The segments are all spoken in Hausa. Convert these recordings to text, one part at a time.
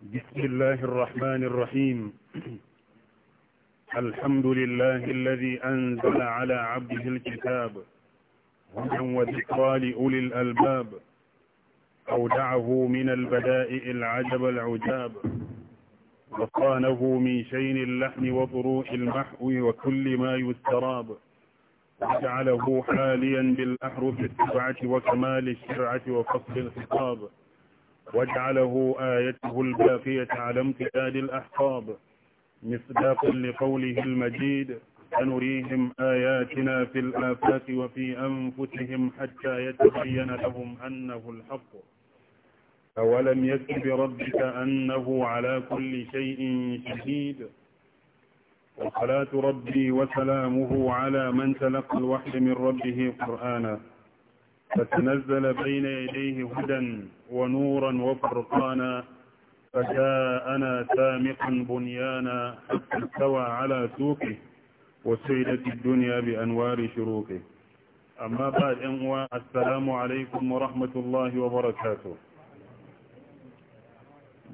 بسم الله الرحمن الرحيم الحمد لله الذي أنزل على عبده الكتاب هدى وذكرى لأولي الألباب أودعه من البدائئ العجب العجاب وصانه من شين اللحن وضروء المحو وكل ما يستراب وجعله حاليا بالأحرف السبعة وكمال الشرعة وفصل الخطاب وجعله آيته الباقية على امتداد الأحقاب مصداقا لقوله المجيد سنريهم آياتنا في الآفات وفي أنفسهم حتى يتبين لهم أنه الحق أولم يكتب ربك أنه على كل شيء شهيد وصلاة ربي وسلامه على من تلقى الوحي من ربه قرآنا فتنزل بين يديه هدى ونورا وفرقانا فجاءنا سامقا بنيانا حتى استوى على سوقه وسيلت الدنيا بأنوار شروقه أما بعد أنواع السلام عليكم ورحمة الله وبركاته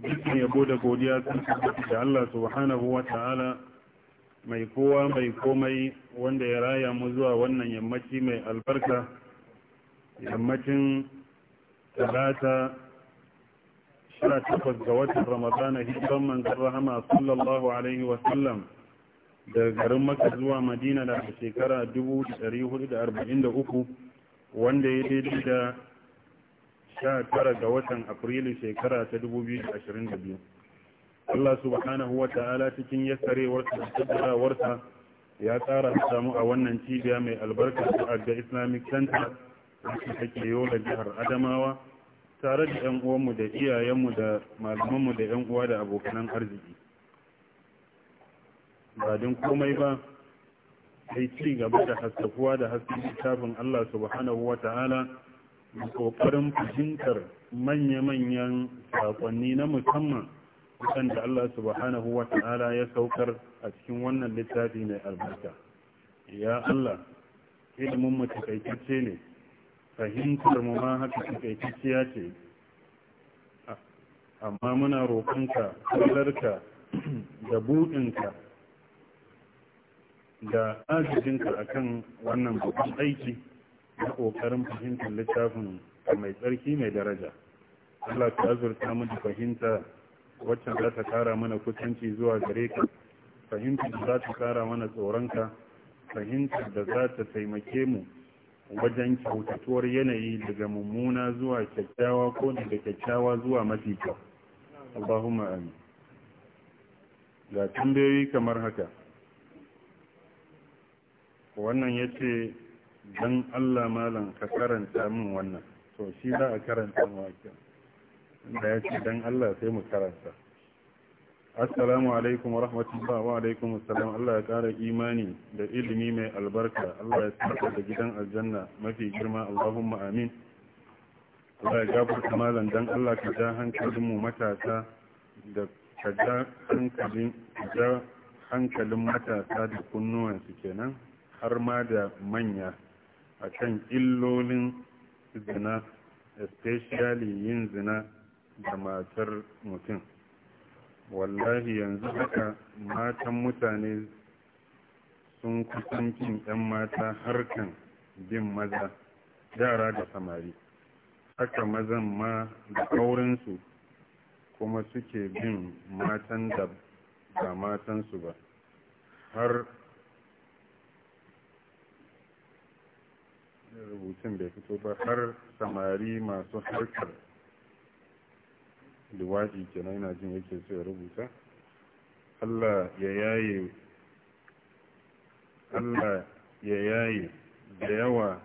jikin yabo da godiya sun tabbata da Allah subhanahu wa ta'ala mai kowa mai komai wanda ya raya mu zuwa wannan yammaci mai albarka yammacin talata 18 ga watan ramadana hijiran manzan rahama sallallahu alaihi wasallam daga garin maka zuwa madina da shekara 1443 wanda ya daidai da 19 ga watan afrilu shekara ta 2022 Allah subhanahu wa ta'ala cikin yassarewarsa da tattarawarsa ya tsara samu a wannan cibiya mai albarka a ga islamic center wacce take yola jihar adamawa tare da 'yan uwanmu da iyayenmu da malamanmu da 'yan uwa da abokanan arziki ba don komai ba sai ci gaba da haskakuwa da hasken littafin Allah subhanahu wa ta'ala da kokarin fahimtar manya-manyan sakonni na musamman kusan da Allah subhanahu wa ta'ala ya saukar a cikin wannan littafi mai albarka ya Allah ilimin mu ne fahimtar mu ma haka takaitacciya ce amma muna roƙonka kallarka da buɗinka da a kan wannan babban aiki na ƙoƙarin fahimtar littafin mai tsarki mai daraja Allah ka azurta mu fahimta waccan za ta kara mana kusanci zuwa gare ka fahimtar da za ta kara mana tsoronka fahimtar da za ta taimake mu wajen kyautatuwar yanayi daga mummuna zuwa kyakkyawa ko daga kyakkyawa zuwa mafi kyau Allahu ma'ani ga tambayoyi kamar haka wannan ya ce don Allah malam ka karanta min wannan to shi za a karanta mawakin inda ya ce don Allah sai mu karanta assalamu alaikum wa rahmatullahi wa alaikum assalam Allah ya kara imani da ilimi mai albarka Allah ya saka da gidan aljanna mafi girma Allahumma amin Allah ya gafar malam dan Allah ka ja hankalin mu matasa da ka ja hankalin ja hankalin matasa da kunnuwan su kenan har ma da manya a kan illolin zina especially yin zina da matar mutum wallahi yanzu haka matan mutane sun kusancin 'yan mata harkan bin maza yara da samari haka mazan ma da kaurinsu kuma suke bin matan da ba matansu ba har rubutun bai fito ba har samari masu harkar liwaɗi kenan yana jin yake so ya rubuta Allah ya yaye Allah ya yaye da yawa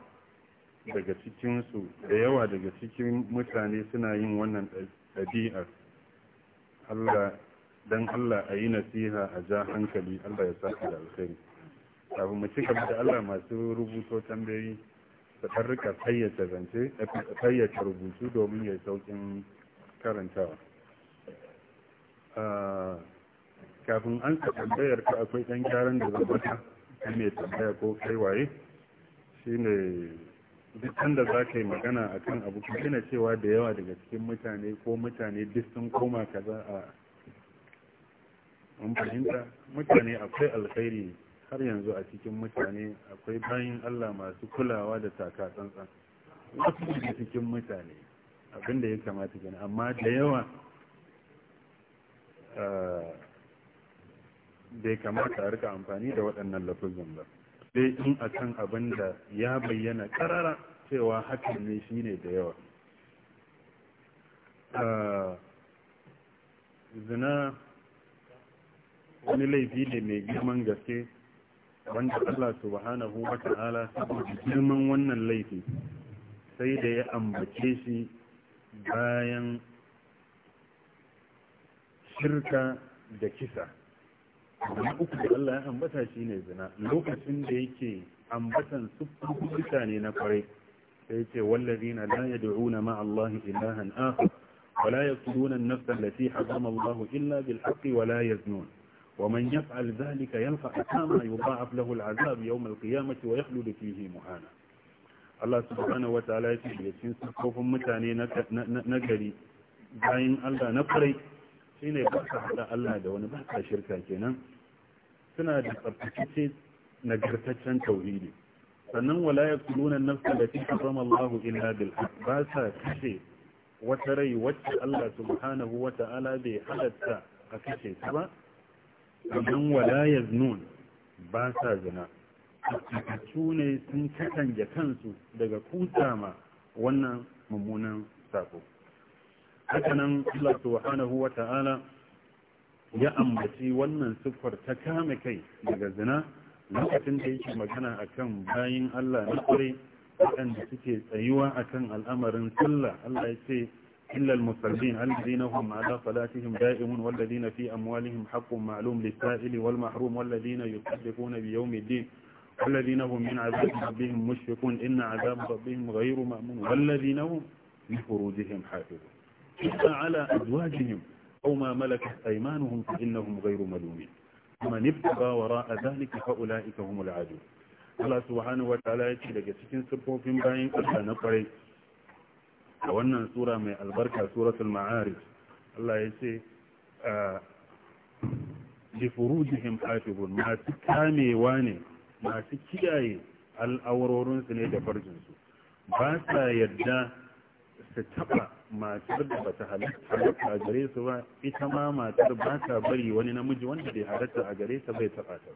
daga su da yawa daga cikin mutane suna yin wannan ɗabi'ar Allah don Allah a yi nasiha a ja hankali Allah ya saka da alkhairi abu mu ci da Allah masu rubuto tambayoyi da tarrika fayyace zance fayyace rubutu domin ya saukin karantawa ah, kafin an ka tambayar ka akwai ɗan gyaran da zan bata mai tambaya ko kai waye shine duk da za ka yi magana a kan abu kuma yana cewa da yawa daga cikin mutane ko mutane duk sun koma kaza a mun fahimta mutane akwai alkhairi har yanzu a cikin mutane akwai bayan allah masu kulawa da taka tsantsan wasu cikin mutane abinda ya kamata gani amma da yawa da eh, ya kamata a rika amfani da waɗannan lafazin ba sai in a kan abin da ya bayyana karara cewa hakan ne shi ne da yawa eh, zina wani laifi ne mai girman gaske wanda Allah subhanahu wa ta'ala saboda girman wannan laifi sai da ya ambace shi bayan shirka da kisa zina uku da Allah ya ambata shi ne zina lokacin da yake ambatan sufuku mutane na kwarai sai yake wallazi na la ya da'una ma Allah ilahan akhar wala yaquluna an-nafsa allati harrama Allah illa bil haqqi wala yaznun wa man yaf'al dhalika yalqa athama yudha'af lahu al-'adhab yawm al-qiyamati wa yakhlud fihi mu'ana. Allah subhanahu wataala ya ce daga mutane na gari bayan Allah na farai shine ba ka hada Allah da wani ba ka shirka kenan suna da tsabtacce nagartaccen tauhidi sannan wala yaquluna an-nafsa allati harrama Allah illa bil ba sa kashe wata rai wacce Allah subhanahu wataala bai halatta a kashe ta ba sannan wala nun ba sa zina tsakatu ne sun katange kansu daga ma wannan mummunan sako hakanan Allah subhanahu ta'ala ya ambaci wannan siffar ta kame kai daga zina lokacin da yake magana akan bayin Allah na kure waɗanda suke tsayuwa akan al'amarin sallah Allah ya ce hum ala salatihim da'imun على fi amwalihim haqqun ma'lum lis-sa'ili wal mahrum والمحروم والذين bi yawmid din والذين هم من عذاب ربهم مشفقون إن عذاب ربهم غير مأمون والذين هم لفروجهم حافظون إلا على أزواجهم أو ما ملكت أيمانهم فإنهم غير ملومين ومن ابتغى وراء ذلك فأولئك هم العادون Allah subhanahu wa ta'ala ya ce daga cikin siffofin bayan ƙasa na kwarai a wannan sura mai albarka suratul ma'arij Allah ya ce li furujihim hafizun masu kamewa ne masu kiyaye al'aurorinsu ne da farjinsu ba sa yadda su taɓa matar da bata halatta a gare su ba ita ma matar ba ta bari wani namiji wanda bai halatta a gare ta bai taɓa ta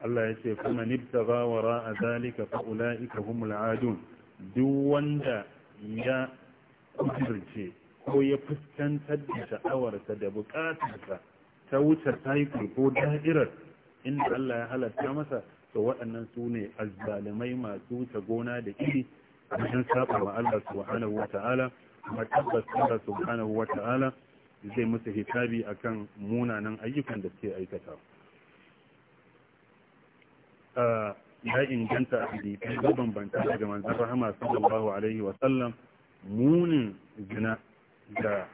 Allah ya ce kuma nibtaga wa a zalika fa ulaika humul adun duk wanda ya kudurce ko ya fuskantar da sha'awarsa da bukatarsa ta wuce taifi ko da'irar inda Allah ya halatta masa to waɗannan su ne azzalimai masu ta gona da iri wajen saba ma Allah subhanahu wa ta'ala kuma tabbas Allah subhanahu wa ta'ala zai musu hisabi kan munanan ayyukan da suke aikata ya inganta hadisi da bambanta daga manzon rahama sallallahu alaihi wa sallam munin zina da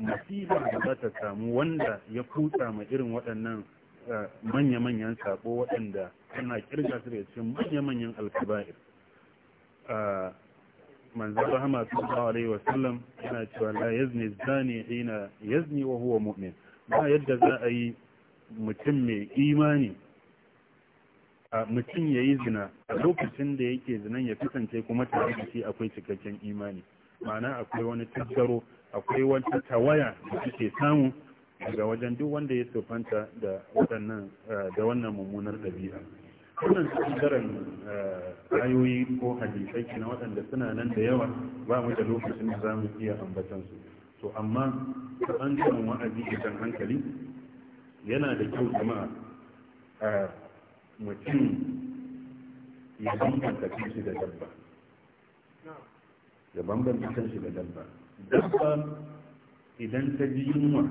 masifa da za ta samu wanda ya kutsa ma irin waɗannan manya-manyan sabo waɗanda ana kirga su da cikin manya-manyan alkaba'ir manzan rahama sallallahu alaihi wasallam yana cewa la yazni zani hina yazni wa huwa mu'min ba yadda za a yi mutum mai imani mutum ya yi zina a lokacin da yake zinan ya kasance kuma tare da shi akwai cikakken imani ma'ana akwai wani tattaro akwai wata tawaya da ake samu daga wajen duk wanda ya sufanta eh, da wannan mummunar ɗabi'a wannan tsibirin eh, ayoyi ko hadisai na waɗanda suna nan da yawa ba mu da lokacin da za mu iya su to amma ta ɓangaren wa'azi idan hankali yana da kyau kuma a eh, mutum ya bambanta kanshi da dabba ya bambanta kanshi da dabba dabba idan ta ji yunwa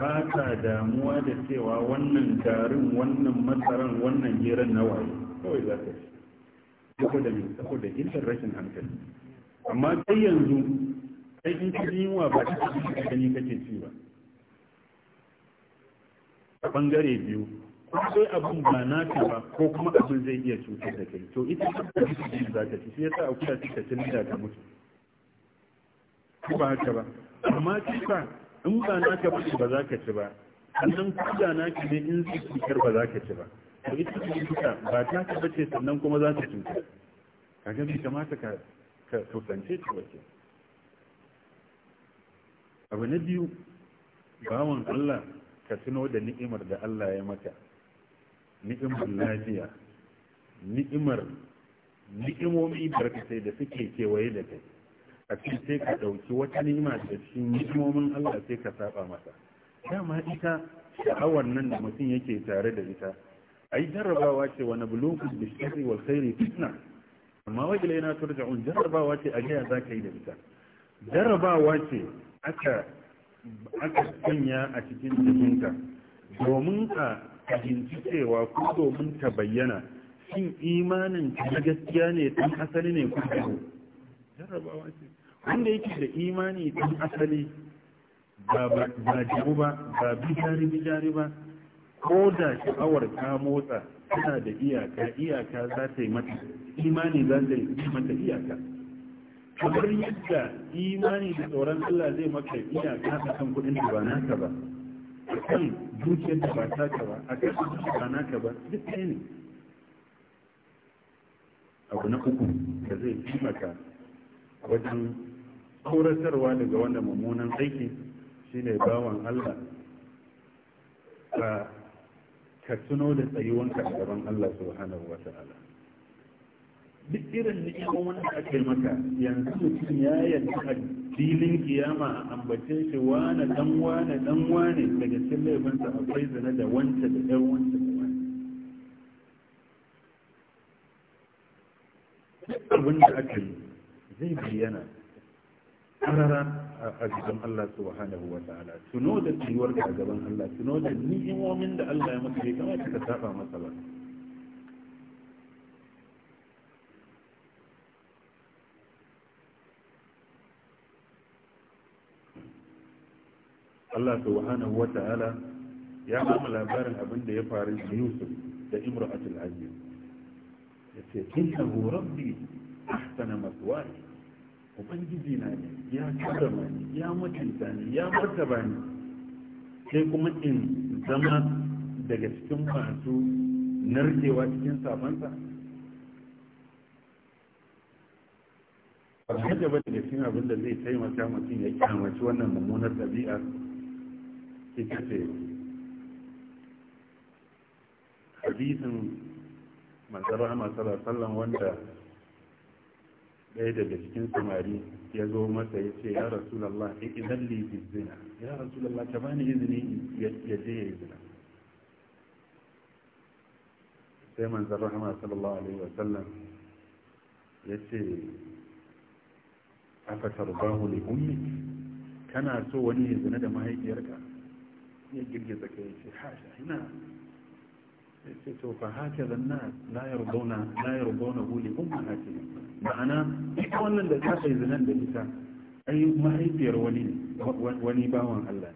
ba ka damuwa da cewa wannan garin wannan masaran wannan jiran na waye kawai za ka ci saboda mai saboda illar rashin hankali amma kai yanzu kai in ka ji yunwa ba ta ci ka gani kake ci ba a bangare biyu ko sai abun ba naka ba ko kuma abin zai iya cutar da kai to ita ta yi za ka ci shi sa akuya ta ci ta mutu ba haka ba amma kisa in ba na ka ba ba za ka ci ba sannan kuda ka ne in zai cutar ba za ka ci ba to ita cuta ba ta ka bace sannan kuma za ta cuta ga bai kamata ka ka kusance ta wace abu na biyu bawan Allah ka tuno da ni'imar da Allah ya maka ni'imar lafiya ni'imar ni'imomi barkatai da suke kewaye da kai a ce sai ka ɗauki wata nima da cikin hikimomin Allah sai ka saba masa dama ita sha'awar nan da mutum yake tare da ita A yi jarrabawa ce wa da shi sharri wal khairi fitna amma yana turja un jarrabawa ce a gaya za ka yi da ita jarrabawa ce aka aka sanya a cikin jikinka domin a fahimci cewa ko domin ta bayyana shin imanin ta gaskiya ne ɗan asali ne ko jarrabawa ce wanda yake da imani ɗan asali ba jamu ba ba bijari bijari ba ko da sha'awar ta motsa tana da iyaka iyaka za ta yi mata imani za ta yi mata iyaka kamar yadda imani da tsoron Allah zai maka iyaka a kan kudin da ba naka ba a kan dukiyar da ba ka ba a kan kudin da ba naka ba duk ɗaya ne abu na uku da zai maka wajen auratarwa daga wannan mummunan aiki shine bawan Allah ka tuno da tsayuwanka a gaban Allah subhanahu wata'ala duk irin ni'imomin da aka yi maka yanzu mutum ya yanzu a filin kiyama a ambace shi wane dan wane dan wane daga cikin laifinsa akwai zina da wanta da ɗan wanta da wani duk abin da aka yi zai bayyana karara a cikin Allah subhanahu wa ta'ala tuno da tsiwar ka gaban Allah tuno da ni'imomin da Allah ya maka ya kamata ka saba masa ba Allah subhanahu wa ta'ala ya kama labarin abin da ya faru da Yusuf da Imra'atul Aziz yace innahu rabbi ahsana maswaya ubangiji na ne ya kada ni ya mutunta ni ya martaba ni sai kuma in zama daga cikin masu narkewa cikin Ba da ba daga cikin abin da zai taimaka mutum ya kyamaci wannan mummunar ɗabi'a ita ce hadisin manzara amma sallallahu wanda ɗaya daga cikin samari ya zo masa ya ce ya rasulallah ya idan lifi zina ya rasulallah ta bani izini ya je ya yi zina sai zarra rahama sallallahu alaihi wasallam ya ce aka tarbahu li ummi kana so wani ya zina da mahaifiyarka ya girgiza kai ya ce hasha ina sai to fa haka zanna la yarbuna la yarbuna huli ummahati ma'ana ita wannan da ta yi zinan da ita ai mahaifiyar wani bawan Allah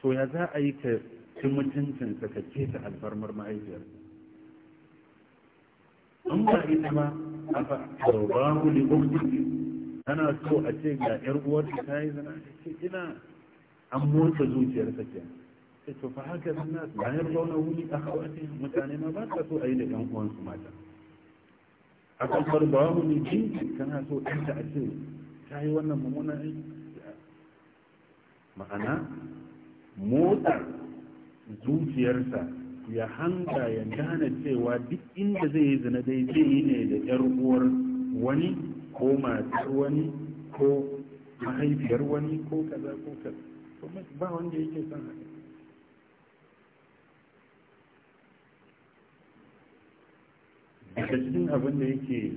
to ya za a yi ka ci mutuncin ka keta alfarmar mahaifiyar an ba ita ba a fa tarbahu so a ce ga yar uwarta ta yi an motsa zuciyar sa Ito eh, fa haka na suna bayan zauna wuni a hawatin mutane ma ba ta so a yi da ɗan uwansu mata a kan farbawa wuni jinkin kana so in a ce ta yi wannan mummunan aiki ma'ana motsar zuciyarsa ya hanga ya gane cewa duk inda zai yi zina dai zai yi ne da ƴar uwar wani ko matar wani ko mahaifiyar wani ko kaza ko kaza ba wanda yake son haka daga cikin abin da yake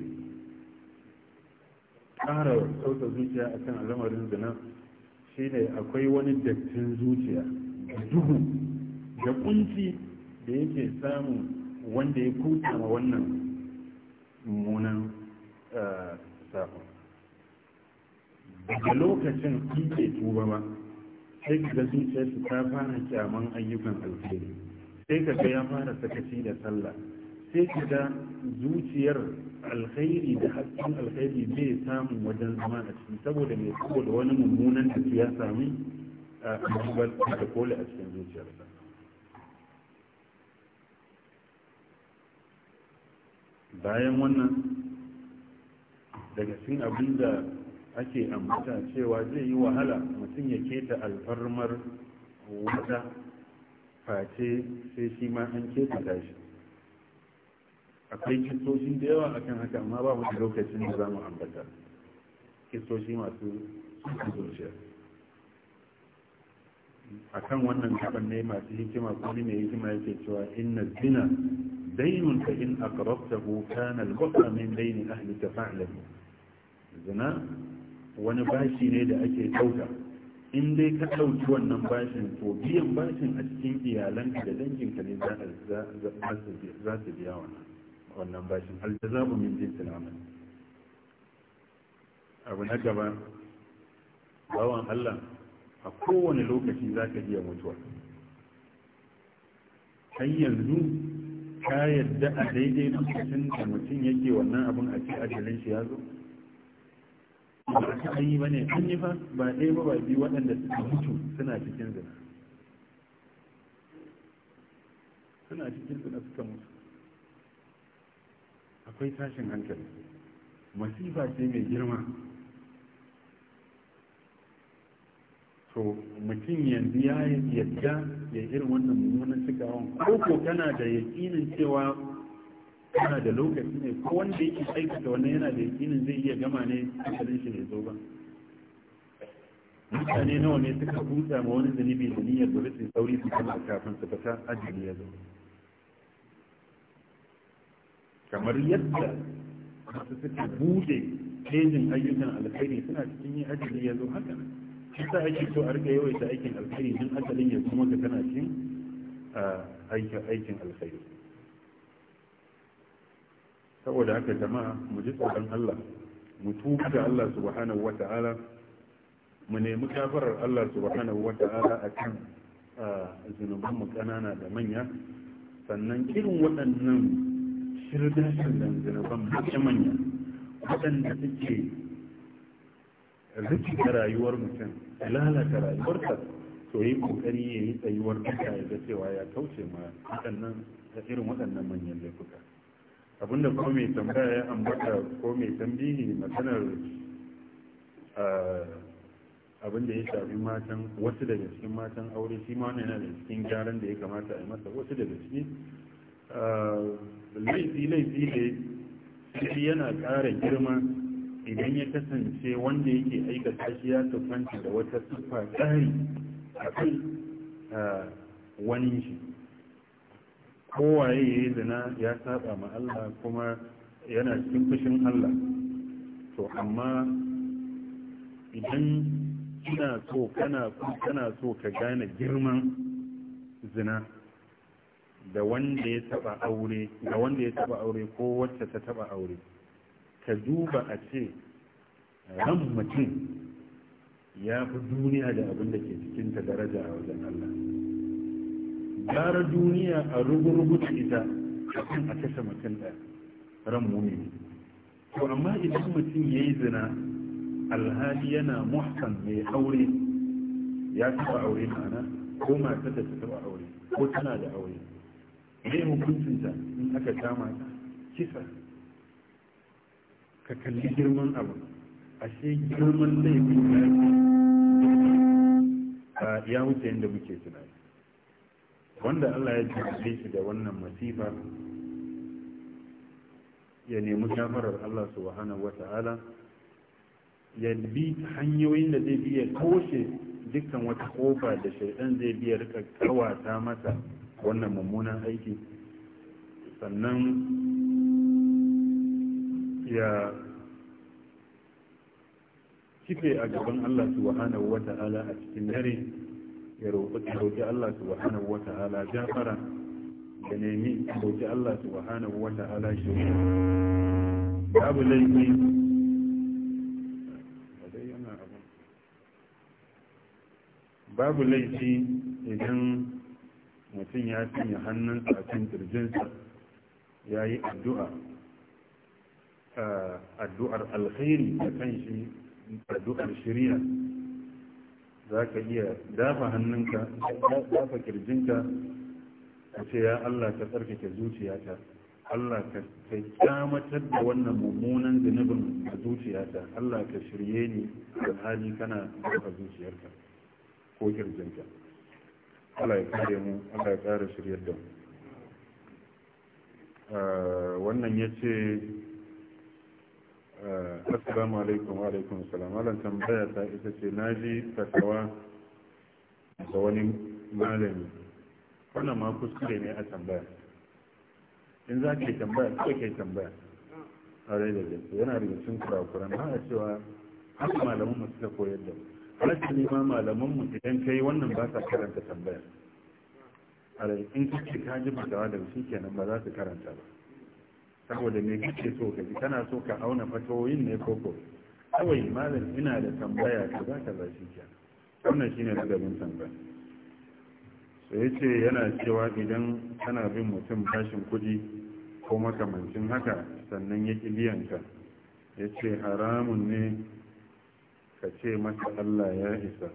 ƙara sauta zuciya a kan al'amarin zina shine akwai wani dattin zuciya da duhu da kunci da yake samun wanda ya kuta ma wannan munan eh, safon daga lokacin ke tuba ba sai ka ga zuciyarsu ta fara kyaman ayyukan alheri sai ka ga ya fara sakaci da sallah sai ki zuciyar alkhairi da hasken alkhairi bai samun wajen zama a cikin saboda mai saboda wani mummunan su ya sami a zubar da koli a cikin zuciyarsa bayan wannan daga cikin abin da ake ambata cewa zai yi wahala mutum ya keta alfarmar wata face sai shi ma an keta shi. akwai kistoshin da yawa akan haka amma ba da lokacin da za mu ambata kistoshi masu sun zuciya a kan wannan kaban ne masu hikima kuma mai hikima yake cewa inna zina dainun ta in karabta kana al-bukhra min daini halitta fa'ilar zina wani bashi ne da ake dauka in dai ka ɗauki wannan bashin ko biyan bashin a cikin iyalanka da danginka ne za su biya wannan wannan bashin aljazabu min na amal abu na gaba bawan Allah a kowane lokaci za ka iya mutuwa har yanzu ka yadda a daidai lokacin da mutum yake wannan abin a ce ajalin shi ya zo ba ta an yi ba ne an yi ba ba ɗaya ba ba biyu waɗanda suka mutu suna cikin zina suna cikin zina suka mutu akwai tashin hankali masifa ce mai girma to mutum yanzu ya yadda ya irin wannan mummunan cikawan ko ko kana da yakinin cewa tana da lokaci ne ko wanda yake aikata wannan yana da yakinin zai iya gama ne hankalin shi ne zo ba mutane nawa ne suka kusa ma wani zanibi da niyyar da rufin sauri su kama kafin su fata ajiyar ya zo kamar yadda masu suka bude pejin ayyukan alkhairi suna cikin yin ajali ya zo haka kisa ake so a rika yawaita aikin alkhairi don asalin ya kuma ka tana cikin aikin alkhairi saboda haka jama'a mu ji tsoron Allah mu tuba ga Allah subhanahu ta'ala, mu nemi kafarar Allah subhanahu ta'ala akan zunuban mu ƙanana da manya sannan irin waɗannan shirin sandan zirban manya manya waɗanda suke rikita rayuwar mutum lalata rayuwarsa to yi kokari ya yi tsayuwar duka ya ga cewa ya kauce ma waɗannan ta irin waɗannan manyan laifuka abinda ko mai tambaya ya ambata ko mai tambihi maganar ah, abin da ya shafi matan wasu daga cikin matan aure shi ma wani yana da cikin gyaran da ya kamata a yi masa wasu daga cikin Ah, laifi laifi ne sai yana ƙara girma idan ya kasance wanda yake aikata shi ya tufanta da wata siffa tsari a kai ah, wani shi kowaye ya yi zina ya saba ma Allah kuma yana cikin fushin Allah to amma idan kina so kana so ka gane girman zina da wanda ya taba aure ga wanda ya taba aure ko wacce ta taba aure ka duba a ce ran mutum ya fi duniya da abin da ke cikinta daraja a wajen Allah gara duniya a rugurugu rubuta ita kan a kashe mutum da ran mumini to amma idan mutum ya yi zina alhali yana muhkan mai aure ya taba aure mana, ko mata da ta taba aure ko tana da aure me hukuncinta in aka kama kisa ka kalli girman abu ashe girman laifin ya ya wuce yadda muke tunani wanda Allah ya jirage shi da wannan masifa ya nemi shafarar Allah subhanahu wa ta'ala ya bi hanyoyin da zai biya koshe dukkan wata kofa da shaidan zai biya rika kawata masa wannan mummunan aiki sannan ya kife a gaban Allah subhanahu wa ta'ala a cikin dare ya roƙi Allah subhanahu wa ta'ala jafara da nemi roƙi Allah subhanahu wa ta'ala shi babu laifi babu laifi idan mutum ya sanya hannunsa a kan kirjinsa ya yi addu'a addu'ar alkhairi a kan shi addu'ar shirya za ka iya dafa hannunka dafa kirjinka ka ce ya Allah ka tsarkake zuciyata Allah ka kyamatar da wannan mummunan zunubin a zuciyata Allah ka shirye ni da hali kana dafa zuciyarka ko kirjinka Allah ya kare mu Allah ya kare shiryar da mu ah, wannan ya ce ah, assalamu alaikum wa alaikum salam malam tambaya ta ita ce na ji fatawa da wani malami wannan ma kuskure ne a tambaya in za ka yi tambaya ko ke tambaya a rai da gaske yana da cikin kurakuran ba a cewa haka malamin mu suka koyar da mu ne ma malamanmu idan ka yi wannan ba sa karanta tambayar in kake ka ji fatawa daga shi kenan ba za su karanta ba saboda me kake so ka ji kana so ka auna fatoyin ne koko kawai malam ina da tambaya ka za ka za shi kenan wannan shine ladabin tambaya so ce yana cewa idan kana bin mutum bashin kuɗi ko makamancin haka sannan ya ƙi biyan ka ce haramun ne ka ce masa Allah ya isa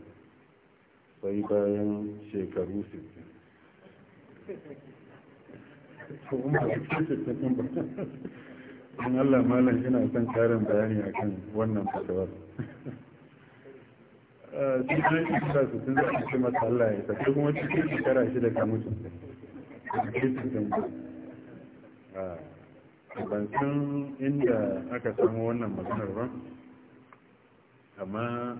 sai bayan shekaru 60 in Allah malam yana son karin bayani akan wannan fatawar sun eh, zai shekara su za a ce masa Allah ya isa sai kuma cikin shekara da ka mutu ah, ban san inda aka samu wannan maganar ba amma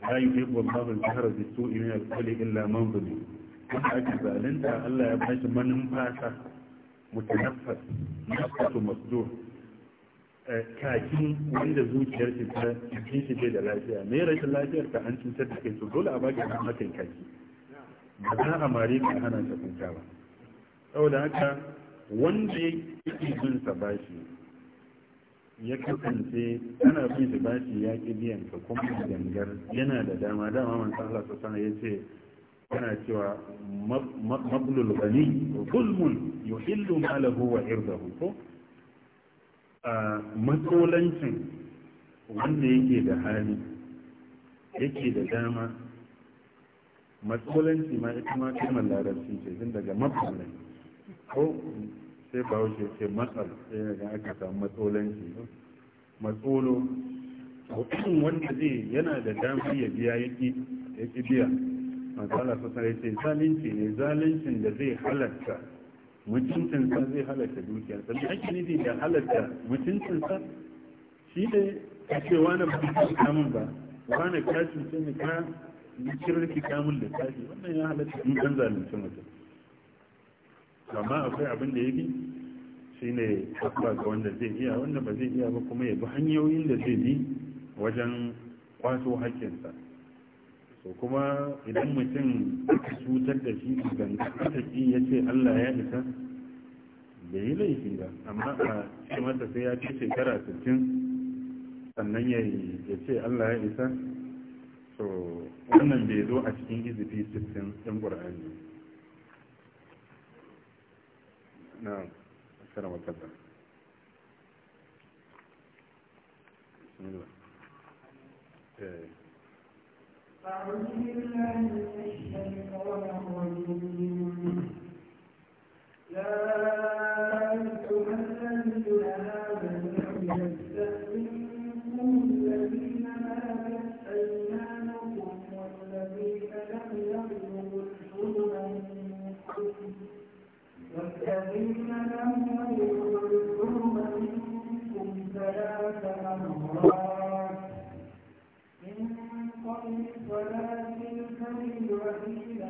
la yuhibbu Allahu al-jahra bis-su'i min al illa man zulim wanda ake zalunta Allah ya bashi manumfasa mutanaffas nafsu masdur kakin wanda zuciyar shi ta cikin shi bai da lafiya me rashin lafiyar ta an sa da kai to dole a baki an hakan kaki ba za a mare ka hana ta kunta ba saboda haka wanda yake bin sa bashi ya kasance ana bin shi bashi ya ƙi biyan ka kuma gangar yana da dama dama man Allah ta sana ya ce yana cewa mablul gani zulmun yuhillu malahu wa irdahu ko matsolancin wanda yake da hali yake da dama matsolanci ma ita ma kalmar larabci ce tun daga matsolanci ko sai ba wuce ce matsal sai ne da aka samu matsolanci matsolo wanda zai yana da damar ya biya yaki yaki biya matsala sosai ya ce zalunci ne zaluncin da zai halatta mutuncinsa zai halatta dukiyarsa da ake nufi da halatta mutuncinsa shi ne a ce wani ba samun ba wani kashi cuce ne ka kirki kamun da tashi wannan ya halatta in kan zalunci mutum amma akwai abin da ya bi shi ne haɓa ga wanda zai iya wanda ba zai iya ba kuma ya bi hanyoyin da zai bi wajen kwaso haƙƙinsa so kuma idan mutum aka cutar da shi ganga a ƙi ya ce allah ya isa bai yi laifi ba amma a ce masa sai ya fi shekara 60 sannan ya ce allah ya isa so wannan bai zo a cikin izifi 60 'yan kur'ani. نعم السلام عليكم بسم الله أعوذ بالله من الشيطان الرجيم لا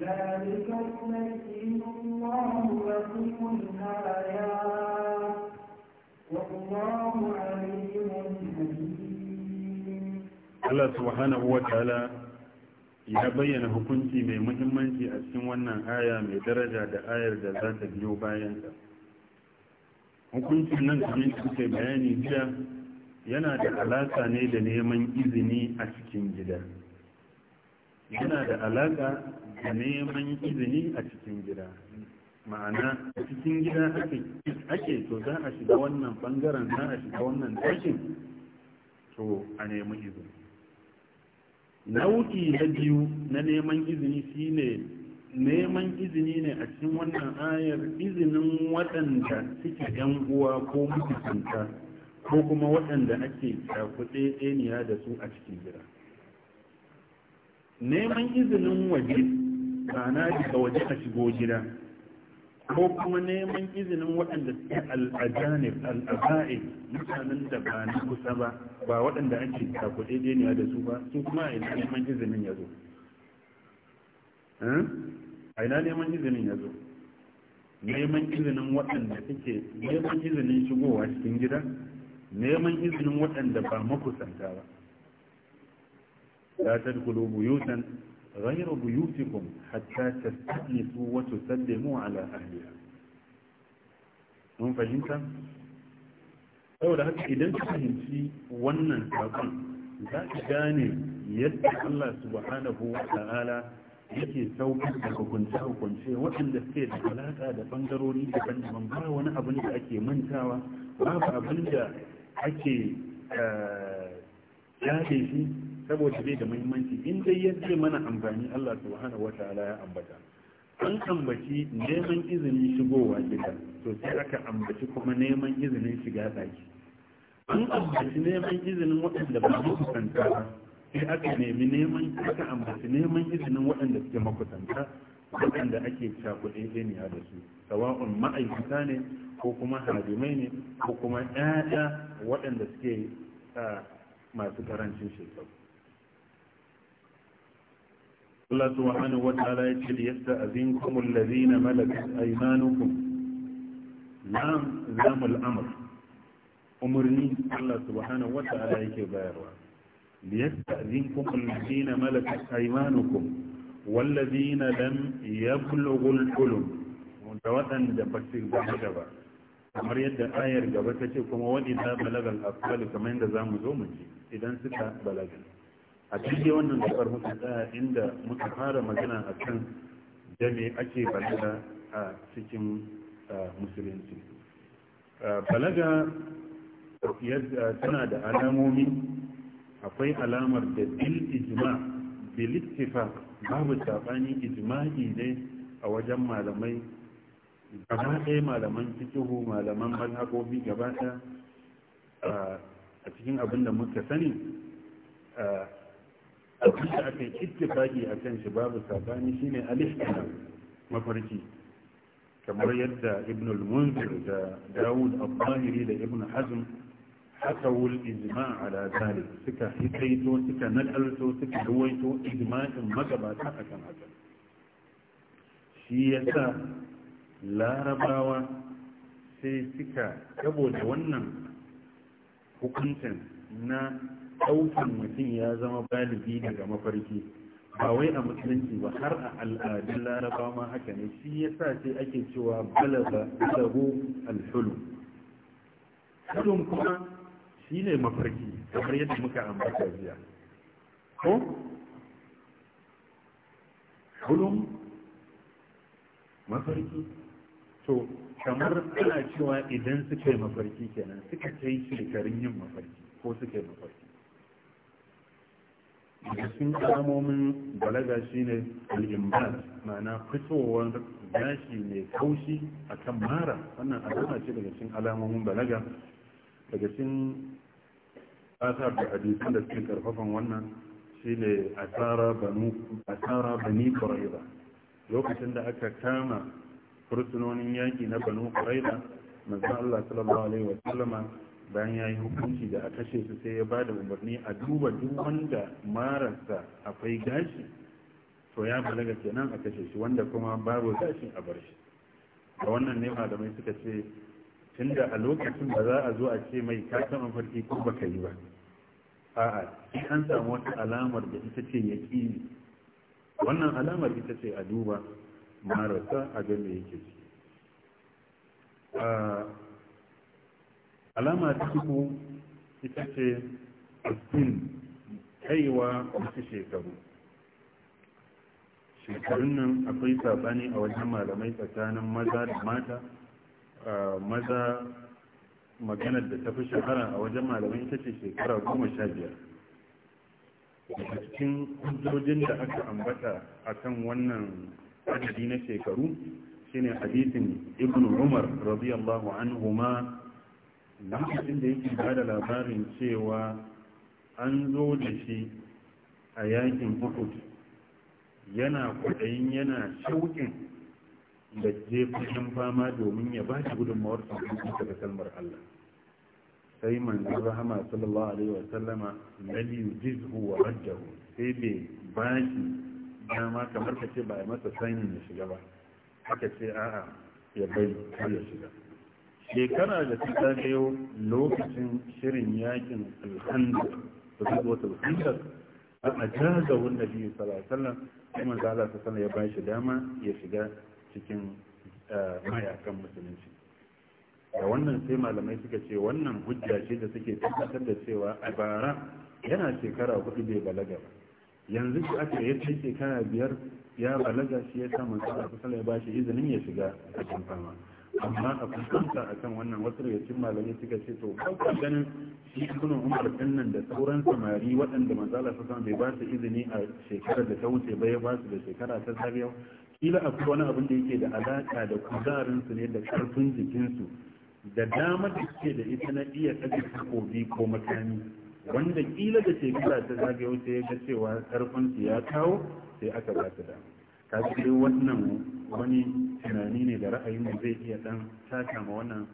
ذلك يبين الله لكم الآيات والله عليم حكيم ya bayyana hukunci mai muhimmanci a cikin wannan aya mai daraja da ayar da za ta biyo bayan ta. hukuncin nan kamar yadda kuke bayani jiya yana da alaka ne da neman izini a cikin gida yana da alaƙa da neman izini a cikin gida ma'ana a cikin gida ake to za a shiga wannan bangaren za a shiga wannan ɗakin to a nemi izini nau'i na biyu na neman izini ne neman izini ne a cikin wannan ayar izinin waɗanda suke yan uwa ko mutunta ko kuma waɗanda ake shafi ɗaya da su a cikin gida neman izinin waje ba na daga waje a shigo gida ko kuma neman izinin waɗanda suke al'ajanir al'aba'i mutanen da ba na kusa ba ba waɗanda ake takuɗe deniya da su ba su kuma a ina neman izinin ya zo a ina neman izinin ya zo neman izinin waɗanda suke neman izinin shigowa cikin gida neman izinin waɗanda ba makusanta ba la tadkhulu buyutan ghayra buyutikum hatta tastanisu wa tusallimu ala ahliha mun fahimta saboda idan ka fahimci wannan sakon za gane yadda Allah subhanahu wa ta'ala yake saukar da hukunce-hukunce waɗanda suke da alaƙa da ɓangarori daban-daban ba wani abin da ake mantawa babu abin da ake yade shi saboda bai da muhimmanci in dai ya ce mana amfani Allah subhanahu ta'ala ya ambata an ambaci neman izinin shigowa gida to sai aka ambaci kuma neman izinin shiga daki an ambaci neman izinin waɗanda ba su kusanta sai aka nemi neman aka ambaci neman izinin waɗanda suke makusanta waɗanda ake cakuɗe ne da su sawa'un ma'aikata ne ko kuma halimai ne ko kuma ɗaya waɗanda suke ah, masu karancin shekaru Allah subhanahu wa ta'ala ya ce yasta'zinkum alladhina malakat aymanukum lam zamul amr umurni Allah subhanahu wa ta'ala yake bayarwa Liyasta ليستأذنكم ya ملكت أيمانكم والذين لم يبلغوا الحلم وأن بسير بحجبا kamar yadda ayar gaba ta ce kuma wani na balagal afkali kamar yadda za mu zo mu ji idan suka balagal a cikin wannan gabar muka tsaya inda muka fara magana a kan jami ake balaga a cikin musulunci balaga tana da alamomi akwai alamar da bil ijma bil babu sabani ijma'i ne a wajen malamai gaba ɗaya malaman fikihu malaman mazhabobi gaba ɗaya a cikin abin da muka sani abin da aka yi ittifaki a kan shi babu sabani shine aliftina mafarki kamar yadda ibn al-munzir da dawud al-zahiri da ibn hazm wul ijma' ala zalik suka hikaito suka nakalto suka ruwaito ijma'in magabata kan haka shi yasa larabawa sai suka saboda wannan hukuncin na daukan mutum ya zama balibi daga mafarki ba wai a musulunci ba har a al'adun laraba ma haka ne shi ya sa sai ake cewa balaga balagu alhulu hulun kuma shi ne mafarki kamar yadda muka ambata jiya ko hulun mafarki to kamar ana cewa idan suka yi mafarki kenan suka kai shekarun yin mafarki ko suka yi mafarki Daga sun alamomin balaga shine al'imbat ma'ana fitowar gashi mai kaushi a kan mara wannan alama ce daga cikin alamomin balaga daga cikin asar da hadisan da suke karfafan wannan shi ne asara bani quraiba lokacin da aka kama fursunonin yaƙi na banu quraiba manzo Allah sallallahu alaihi wa bayan ya yi hukunci da a kashe su sai ya ba da umarni a duba duk wanda mararsa akwai gashi to ya balaga kenan a kashe shi wanda kuma babu gashi a bar shi da wannan ne malamai suka ce tun da a lokacin ba za a zo a ce mai ka taɓa farki ko baka yi ba a'a sai an samu wata alamar da ita ce ya ƙi wannan alamar ita ce a duba marasa a ga me yake ciki ah, alama ta uku ita ce alfin kaiwa wasu shekaru shekarun nan akwai sabani a wajen malamai tsakanin maza da mata maza maganar da ta fi shahara a wajen malamai ita ce shekara goma sha biyar a cikin hujjojin da aka ambata a kan wannan adadi na shekaru shine hadisin Ibnu umar radiyallahu anhu ma lokacin da yake ba da labarin cewa an zo da shi a yakin uhud yana kwaɗayin yana shauƙin da jefashin fama domin ya ba shi gudunmawar sauƙin daga kalmar Allah sai manzon rahama sallallahu alaihi wa sallama lam yujizhu wa rajjahu sai bai ba shi dama kamar ka ce ba a masa sani ya shiga ba haka ce a'a ya bai ya shiga shekara da ta zagayo lokacin shirin yakin alhandar da ta zo ta alhandar a ajaza wanda biyu sallallahu kuma za a ta sanar ya ba shi dama ya shiga cikin eh, mayakan musulunci da wannan sai malamai suka ce wannan hujja ce da suke tabbatar da cewa a bara yana shekara hudu bai balaga ba yanzu shi aka yi ce shekara biyar ya balaga shi ya sa sa'a kusan ya ba shi izinin ya shiga cikin fama amma a fuskanta a kan wannan wasu rayacin malamai suka ce to ba ganin shi kuna umar nan da sauran samari waɗanda manzala su bai ba su izini a shekarar da ta wuce ba ya ba su da shekara ta zariya kila akwai wani abin da yake da alaƙa da kuzarinsu ne da ƙarfin jikinsu da damar da suke da ita na iya ɗaga takobi ko makami wanda kila da shekara ta zagayo sai ya ga cewa ƙarfinsu ya kawo sai aka ba su dama kafin wannan wani tunani ne da ra'ayin mu zai iya dan taka ma wannan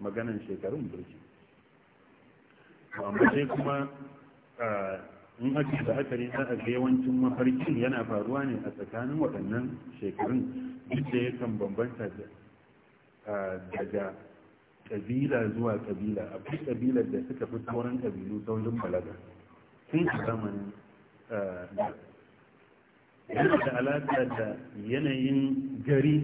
maganan shekarun birki. amma sai kuma in haka da ne za a ga yawancin mafarkin yana faruwa ne a tsakanin waɗannan shekarun duk da yakan bambanta daga kabila zuwa kabila akwai kabilar da suka fi sauran kabilu saurin balaga tun a zamanin yana da alaƙa da yanayin gari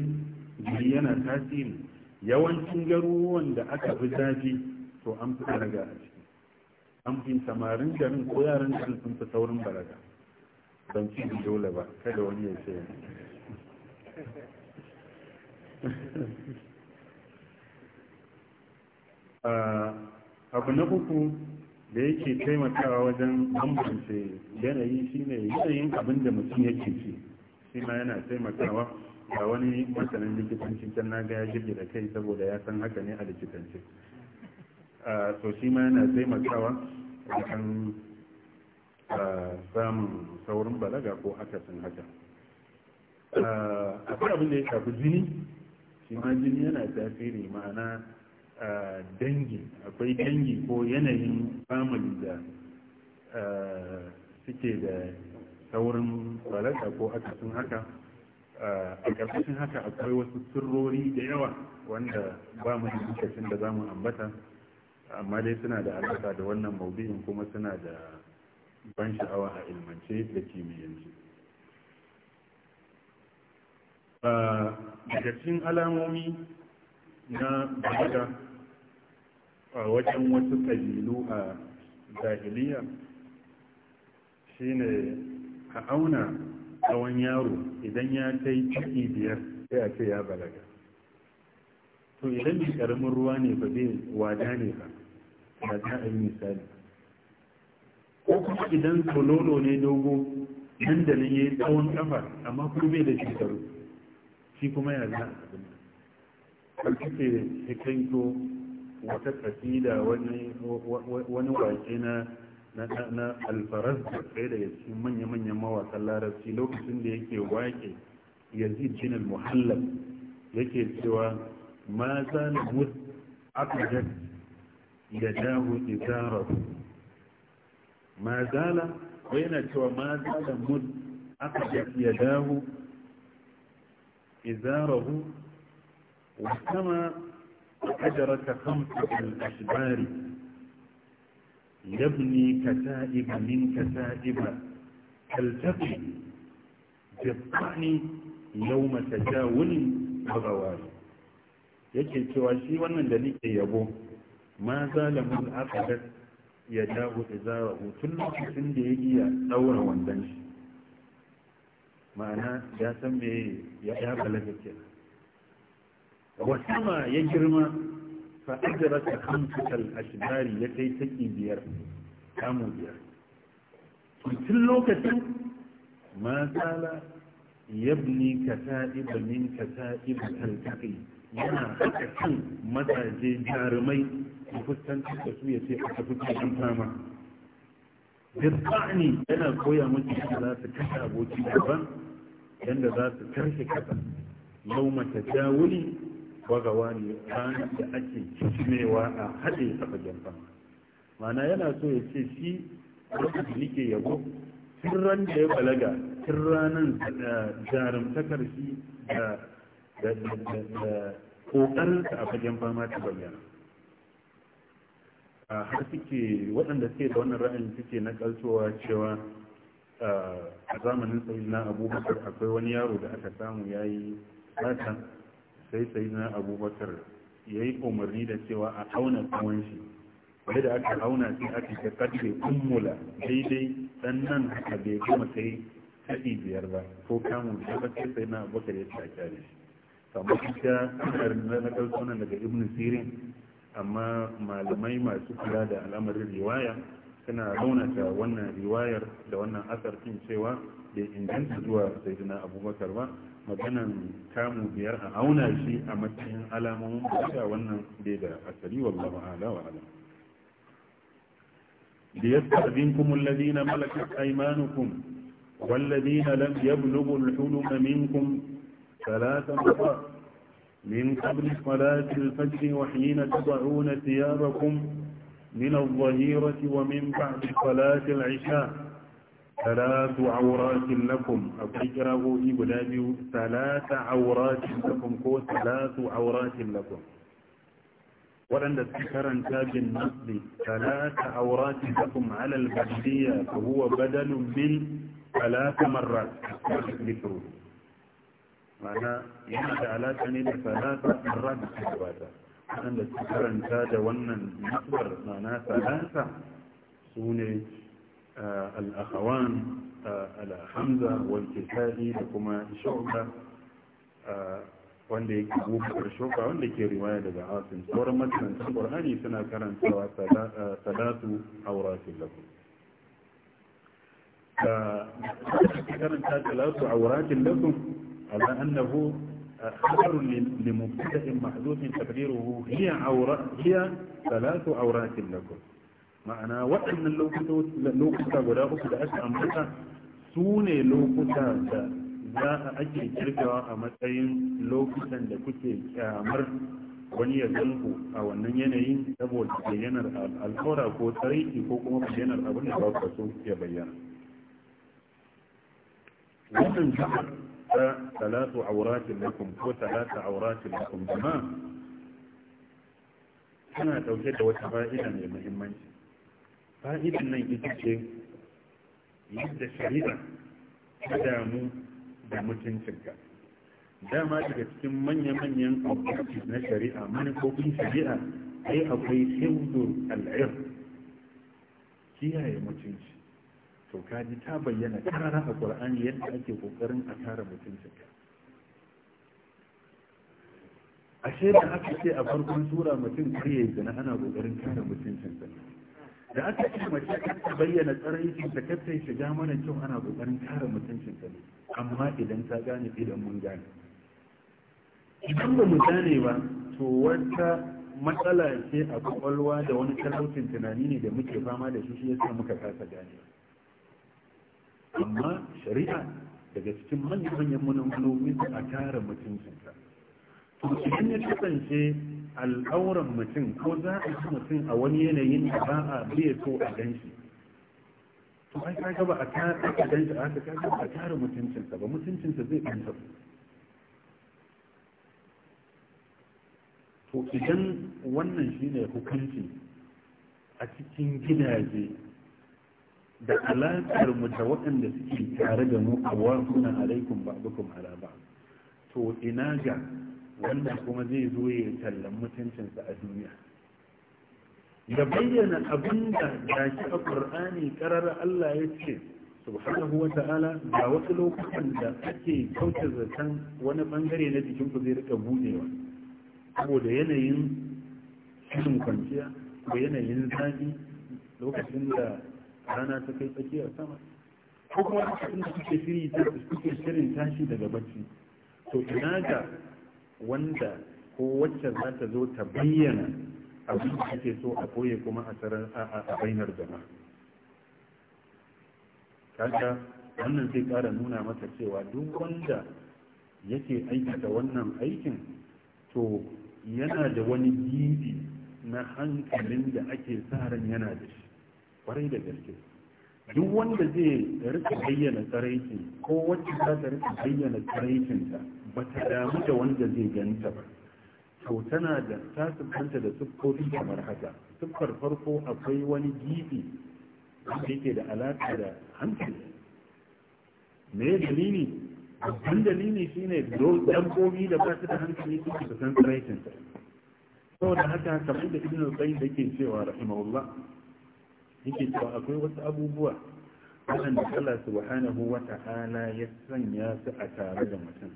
gari yana tasiri yawancin garuruwan da aka fi zafi to an fi balaga a ciki an fi samarin garin ko yaran garin sun fi saurin balaga ban ci dole ba kada wani ya ce ah, abu na uku da yake taimakawa wajen bambance yanayi shine yanayin abin da mutum yake ci shi ma yana taimakawa ga wani masanin likitanci can na ga ya da kai saboda ya san haka ne a likitanci to shi ma yana taimakawa wajen samun saurin balaga ko akasin haka akwai abin da ya shafi jini shi ma jini yana tasiri ma'ana dangi akwai dangi ko yanayin family da suke da saurin falata ko akasin haka a ƙarƙashin haka akwai wasu sirrori da yawa wanda ba mu da lokacin da za mu ambata amma dai suna da alaƙa da wannan maudu'in kuma suna da ban sha'awa a ilmance da kimiyyance a cikin alamomi na bada a wajen wasu ƙabilu a jahiliya shine a auna tsawon yaro idan ya kai ciki biyar sai a ce ya balaga to idan bi ƙaramin ruwa ne ba zai wada ne ba na za a yi misali ko kuma idan sololo ne dogo nan da nan ya yi tsawon kafa amma kuma bai da shekaru shi kuma ya za a abin har kake hikaito wata kasida wani wake na na alfaraz da tsaye daga cikin manya-manyan mawakan larabci lokacin da yake wake yanzu bin muhallab yake cewa ma zalimut da yadahu izarahu ma zala ko yana cewa ma zala mud aqadat yadahu izarahu وكما أجرك خمسة الأشبار يبني كتائب من كتائب تلتقي بالطعن يوم تجاول وغوار yake cewa shi wannan da nike yabo ma zalamun akadar ya dawo izara tun lokacin da ya iya daura wandan shi ma'ana ya san me ya wasama ya girma fa adraka khamsatal ashbari ya kai saki biyar kamu biyar tun lokacin ma sala yabni kata'iba min kata'iba talqi yana haka kan mataje jarumai da fuskantar da su ya ce a tafi cikin fama birtani yana koya mace yadda za su kashe aboki daban yadda za su karshe kasa yau mata jawuli bagawa ne ranar da ake cimewa a haɗe a fagen fama mana yana so ya ce shi lokacin nike yabo tun da ya balaga tun ranar jarumtakar shi da ƙoƙarinsa a fagen fama ta bayyana har suke waɗanda suke da wannan ra'ayin suke na kalcewa cewa a zamanin tsayin na abubakar akwai wani yaro da aka samu ya yi sai sai na abubakar ya yi umarni da cewa a auna tsawon shi wai da aka auna shi aka ta kadde kummula daidai dan nan a bai kuma sai kaɗi biyar ba ko kamun da ba sai sai na abubakar ya ci a kyale shi amma ita na ɗauko nan daga ibn sirin amma malamai masu kula da al'amarin riwaya suna raunata wannan riwayar da wannan asar cewa bai inganta zuwa sai na abubakar ba maganan kamu biyar a auna shi a matsayin alamomin bukata wannan bai da asali wallahu ala wa ala da yastazinkum alladhina malakat aymanukum والذين لم يبلغوا الحلم منكم ثلاث مرات من قبل صلاة الفجر وحين تضعون ثيابكم من الظهيرة ومن بعد صلاة العشاء ثلاث عورات لكم أبقي قراءه إبلابي ثلاث عورات لكم كو ثلاث عورات لكم ولن تذكرن كاب النصب ثلاث عورات لكم على البدية فهو بدل من ثلاث مرات ذكره معنى يمد على تنين ثلاث مرات ذكره ولن تذكرن كاد ونن مصبر معنى ثلاثة سوني آه، الأخوان آه، حمزة والتفادي لكما شعبة آه، وانده كبوك الشعبة وانده كرواية لعاصم سورة مثلا سورة هذه سنة كانت ثلاث عورات لكم كانت ثلاث عورات لكم على أنه خبر لمبتدئ محدود تقديره هي عورة هي ثلاث عورات لكم ma'ana waɗannan lokuta guda uku da aka ambata su ne lokuta da za a ake kirkawa a matsayin lokutan da kuke kyamar wani ya zanku a wannan yanayin saboda bayyanar alkawara ko tsariki ko kuma bayyanar abin da ba ku so ya bayyana wannan jihar ta talatu auratin lakum ko talatu auratin lakum jama'a tana dauke da wata fa'ida mai muhimmanci fa'idan nan ita ce yadda shari'a ta damu da mutuncinka dama daga cikin manya-manyan objectives na shari'a manufofin shari'a ai akwai hibdur al'ir kiyaye mutunci to kaji ta bayyana karara a ƙwar'an yadda ake ƙoƙarin a kare mutuncinka ashe da aka ce a farkon sura mutum kare zina ana ƙoƙarin kare mutuncinsa da aka ce mace ta bayyana tsaraicin ta kafin shiga mana kyau ana kokarin kare mutuncin ta ne amma idan ta gane idan mun gane idan ba mu gane ba to wata matsala ce a kwakwalwa da wani talaucin tunani ne da muke fama da shi shi yasa muka kasa gane amma shari'a daga cikin manyan manyan manufofin a kare mutuncinta to idan ya kasance al'auran mutum ko za a ci mutum a wani yanayin da ba a biya so a gan shi to ai ka gaba a tara a gan shi aka kaga ba a tara mutuncinsa ba mutuncinsa zai kanta to idan wannan shi ne hukunci a cikin gidaje da alaƙar mu da waɗanda suke tare da mu a wasu na alaikum ba bukum ala ba to ina ga wannan kuma zai zo ya tallan mutuncinsa a duniya Da bayyana abin da shi a ƙur'ani ƙarar Allah ya ce subhanahu wa ta'ala ga wasu lokutan da ake kauce zaton wani bangare na jikin ku zai rika budewa saboda yanayin shirin kwanciya ko yanayin zafi lokacin da rana ta kai tsakiyar sama ko kuma lokacin da suke shiri suke shirin tashi daga bacci to ina ga wanda ko wacce za ta zo ta bayyana abin da ake so a koye kuma a a bainar jama'a kaka wannan zai kara nuna mata cewa duk wanda yake aikata wannan aikin to yana da wani didi na hankalin da ake sa ran yana da shi kwarai da gaske duk wanda zai rika bayyana tsaraici ko wacce za ta rika bayyana tsaraicinta ba ta damu da wanda zai ganta ba to tana da ta siffanta da siffofi kamar haka siffar farko akwai wani gibi wanda yake da alaƙa da hankali me dalili abin dalili shine dabbobi da ba su da hankali su su san tsaraicinta saboda haka kamar da ibn al-qayyim yake cewa rahimahullah yake cewa akwai wasu abubuwa waɗanda Allah subhanahu wa ta'ala ya sanya su a tare da mutum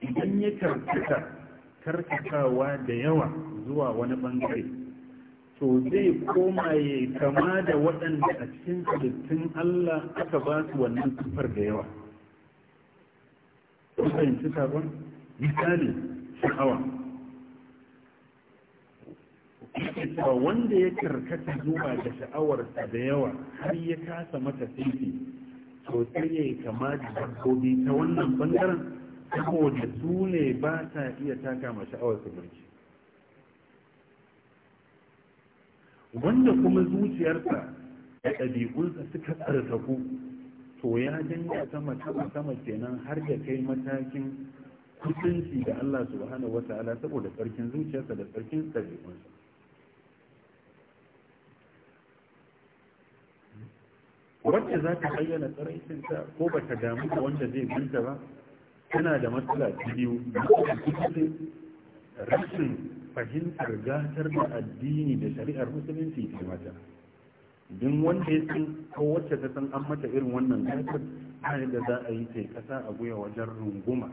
idan ya karkata karkatawa da yawa zuwa wani bangare to zai koma ya kama da waɗanda a cikin halittun Allah aka ba su wannan sufar da yawa. Kun fahimci sabon? Misali, sha'awa. cewa wanda ya karkata zuwa da sha'awarsa da yawa har ya kasa mata saifi to sai ya yi kama da dabbobi ta wannan bangaren saboda su ne ba ta iya taka ma sha'awarsa birki wanda kuma zuciyarsa da ɗabi'unsa suka tsarkaku to ya danga sama sama sama kenan har ya kai matakin kusanci da Allah subhanahu wa ta'ala saboda tsarkin zuciyarsa da tsarkin ɗabi'unsa wacce za ta bayyana tsaraicinta ko ba ta damu da wanda zai ganta ba tana da matsala ta biyu rashin fahimtar gatar da addini da shari'ar musulunci ke mata don wanda ya san ko wacce ta san an mata irin wannan gatar hanyar da za a yi ta kasa a guya wajen runguma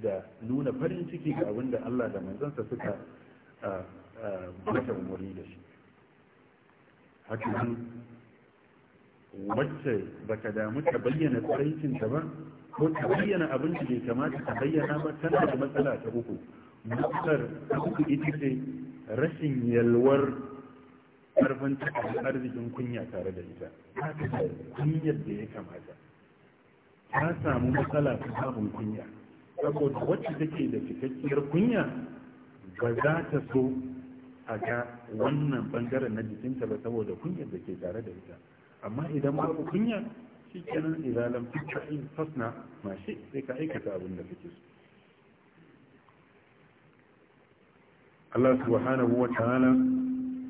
da nuna farin ciki ga abin da Allah da manzansa suka ah, ah, mata umuri da shi wacce baka damu ta bayyana ta ba ko ta bayyana abin da kamata ta bayyana ba tana da matsala ta uku matsalar ta uku ita ce rashin yalwar karfin tattalin arzikin kunya tare da ita ta ta kunyar da ya kamata ta samu matsala ta babin kunya saboda wacce take da cikakkiyar kunya ba za ta so a ga wannan bangaren na jikinta ba saboda kunyar da ke tare da ita amma idan babu kunya shi kenan idan lam tafa'il fasna ma sai ka aikata abin da kake so Allah subhanahu wa ta'ala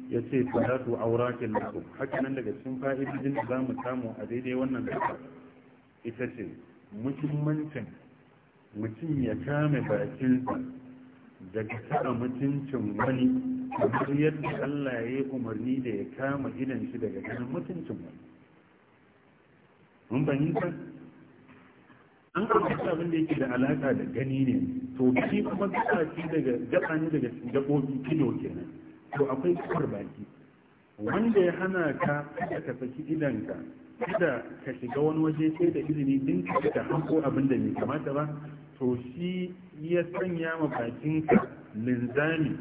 ya ce salatu auratin lakum nan daga cikin fa'idojin da zamu samu a daidai wannan kasa ita ce muhimmancin mutum ya kame bakinsa daga taɓa mutuncin wani kamar yadda Allah ya yi umarni da ya kama idan shi daga ganin mutuncin wani mun fahimta an karɓi abin da yake da alaƙa da gani ne to shi kuma gaɓaci daga ne daga gabobi kilo kenan to akwai kafar baki wanda ya hana ka kada ka saki idanka kada ka shiga wani waje sai da izini din ka da hanko abin da bai kamata ba to shi ya sanya ma bakinka linzami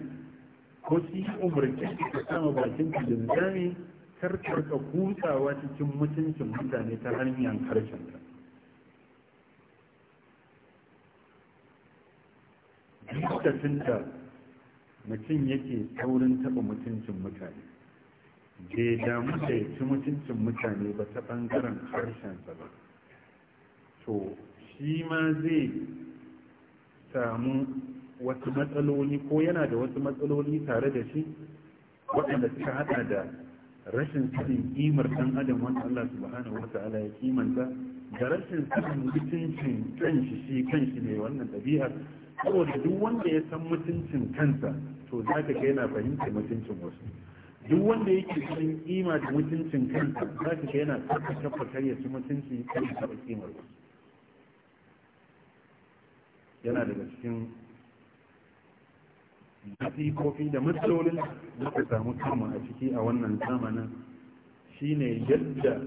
ko shi umarci ka sama bakinka linzami karkar ka kutsawa cikin mutuncin mutane ta hanyar harshenka lokacin da mutum yake saurin taɓa mutuncin mutane bai damu da ya ci mutuncin mutane ba ta ɓangaren harshensa ba to shi ma zai samu wasu matsaloli ko yana da wasu matsaloli tare da shi waɗanda suka haɗa da rashin sanin kimar dan adam wanda Allah subhanahu wa ta'ala ya kimanta da rashin sanin mutuncin kanshi shi kanshi ne wannan ɗabi'ar saboda duk wanda ya san mutuncin kansa to za ka ga yana fahimtar mutuncin wasu duk wanda yake ganin kima da mutuncin kansa za ka ga yana tsaka tabbatar ya ci mutunci kan da kimar wasu yana daga cikin haƙiƙofi da matsalolin da ka samu kama a ciki a wannan zamanin shine yadda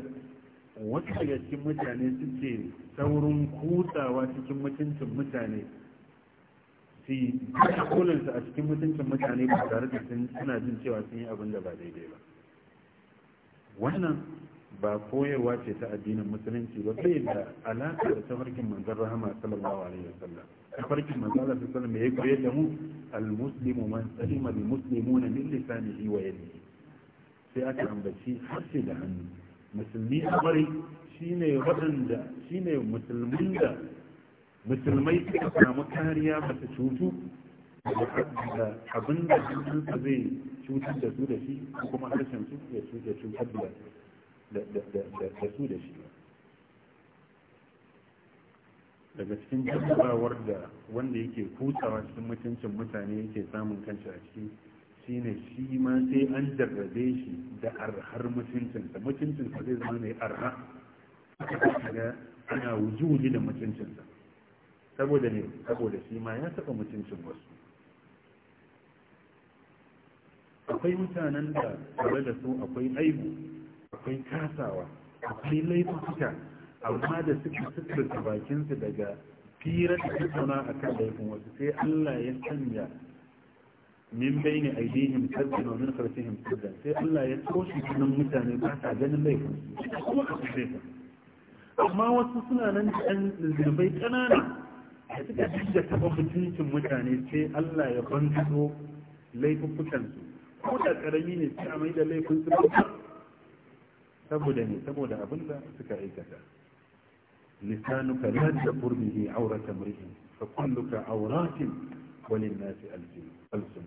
wasu daga cikin mutane suke saurin kutsawa cikin mutuncin mutane su yi kolinsu a cikin mutuncin mutane ba tare da suna jin cewa sun yi abin da ba daidai ba wannan ba koyarwa ce ta addinin musulunci ba sai da alaƙa da tafarkin manzan rahama sallallahu alaihi wasallam tafarkin manzala su sallam ya koyar da mu almuslimu man salima bi muslimuna min lisanihi wa sai aka ambaci harshe da hannu musulmi a bari shine musulmin da musulmai suka samu kariya ba su cutu da abin da zai cutar da su da shi kuma harshen su ya cutar da su da shi daga cikin jarrabawar da wanda yake kusawa cikin mutuncin mutane yake samun kanci a ciki shine shi ma sai an jarrabe shi da arhar mutuncinsa mutuncinsa zai zama mai arha ga ana wuji-wuji da mutuncinsa saboda ne saboda shi ma ya taɓa mutuncin wasu akwai mutanen da tare da su akwai aibu akwai kasawa akwai laifuka amma da suka suturta bakinsu daga firar da na a kan laifin wasu sai Allah ya sanya min bai ne aidihim sabbin wa min kharfihim sabbin sai Allah ya toshe kunan mutane ba sa ganin laifin kuma ka kushe ka amma wasu suna nan ɗan zunubai ƙanana da suka dinga taɓa mutuncin mutane sai Allah ya bantuto laifuffukansu ko da ƙarami ne sai a mai da laifin su saboda ne saboda abin da suka aikata لسانك لا تفر به عورة امرئ فكلك عورات وللناس ألسن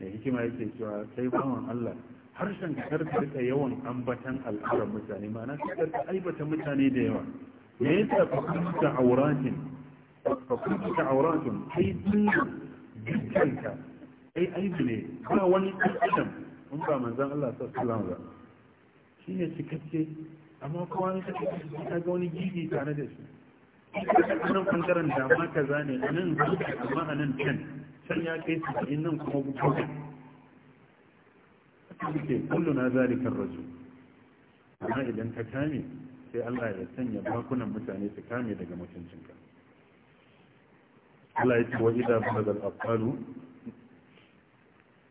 يعني كما يكي سواء سيبان الله harshen ka rika yawan ambatan al'adar mutane ma'ana ka aibata mutane da yawa me yasa fa kunta auratin fa kunta auratin kai dukkanka kai aibi ne ba wani adam in ba manzon Allah sallallahu alaihi wasallam ba shine cikakke amma kowa ne kake ta ga wani gigi tare da shi a nan dama ka zane a nan zuwa amma a nan can can ya kai su nan kuma bukukan suke kullu na zalikan raju amma idan ka kame sai Allah ya sanya bakunan mutane su kame daga mutuncinka Allah ya ce wa idan balagal afalu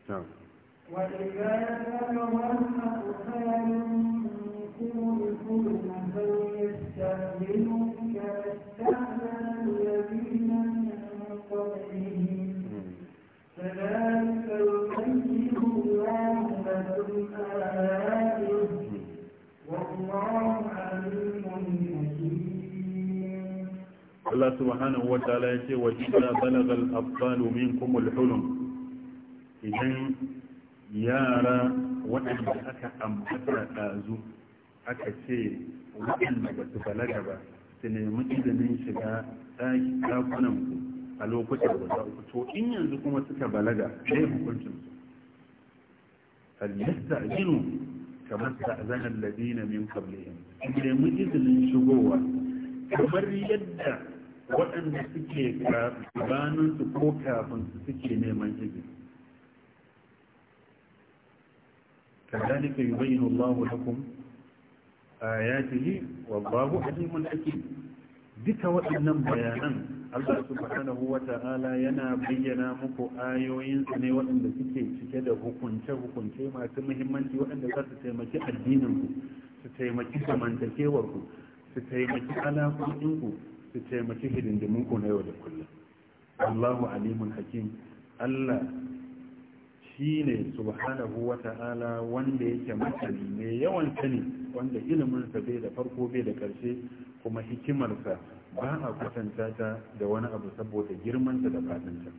na'am wa idan balagal Allah subhanahu wa ta'ala ya ce wa idza balagha al-afdalu minkum al-hulum idan yara waɗanda aka ambata ɗazu aka ce waɗanda ba su balaga ba su nemi izinin shiga ɗakunan ku a lokutan guda uku to in yanzu kuma suka balaga ɗaya hukuncin su a ajinu kamar sa'azan alladina min qablihim su nemi izinin shigowa kamar yadda waɗanda suke gabanin su ko kafin su suke neman izini كذلك يبين الله لكم ayatihi wallahu alimun hakim duka waɗannan bayanan Allah subhanahu wa ta'ala yana bayyana muku ayoyinsa ne waɗanda suke cike da hukunce-hukunce masu muhimmanci waɗanda za su taimaki ku su taimaki ku su taimaki alaƙoƙinku su taimaki hidindimunku na yau da kullum Allahu alimun hakim Allah shi ne subhanahu wa ta'ala wanda yake masani mai yawan sani wanda iliminsa bai da farko bai da karshe kuma hikimarsa ba a kwatanta ta da wani abu saboda girmanta da fatinta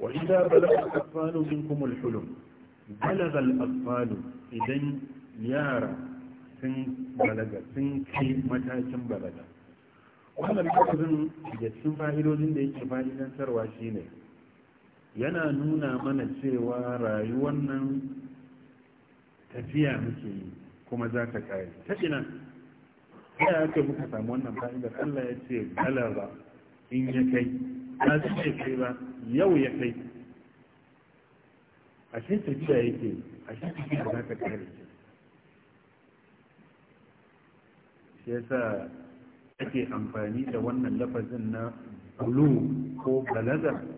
wa balagha al asfalu minkum al-hulum balagha al-asfalu idan yara sun balaga sun kai matakin balaga wannan lafazin da cikin fa'idodin da yake fa'idantarwa shine yana nuna mana cewa rayuwar nan tafiya muke yi kuma za ta kare ta ina ya aka muka samu wannan fa'idar Allah ya ce galaba in ya kai ba su ce kai ba yau ya kai a shi tafiya yake a shi tafiya za ta kare ce shi yasa ake amfani da wannan lafazin na bulu ko balaga